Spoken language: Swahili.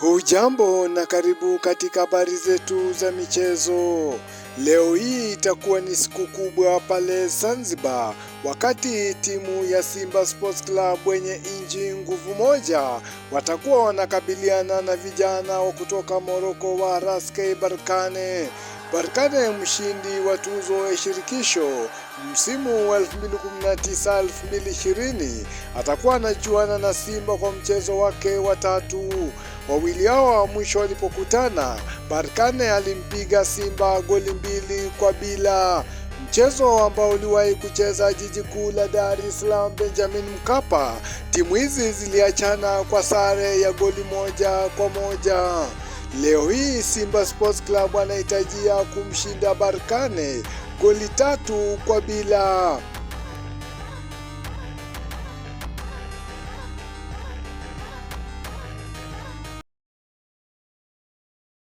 Hujambo na karibu katika habari zetu za michezo. Leo hii itakuwa ni siku kubwa pale Zanzibar, wakati timu ya Simba Sports Club wenye inji nguvu moja watakuwa wanakabiliana na vijana wa kutoka Moroko wa Raske Barkane. Barkane mshindi wa tuzo ya shirikisho msimu wa 2019-2020 atakuwa anachuana na Simba kwa mchezo wake wa tatu. Wawili hao wa mwisho walipokutana, barkane alimpiga Simba goli mbili kwa bila mchezo ambao uliwahi kucheza jiji kuu la Dar es Salaam Benjamin Mkapa. Timu hizi ziliachana kwa sare ya goli moja kwa moja. Leo hii Simba Sports Club anahitajia kumshinda barkane goli tatu kwa bila.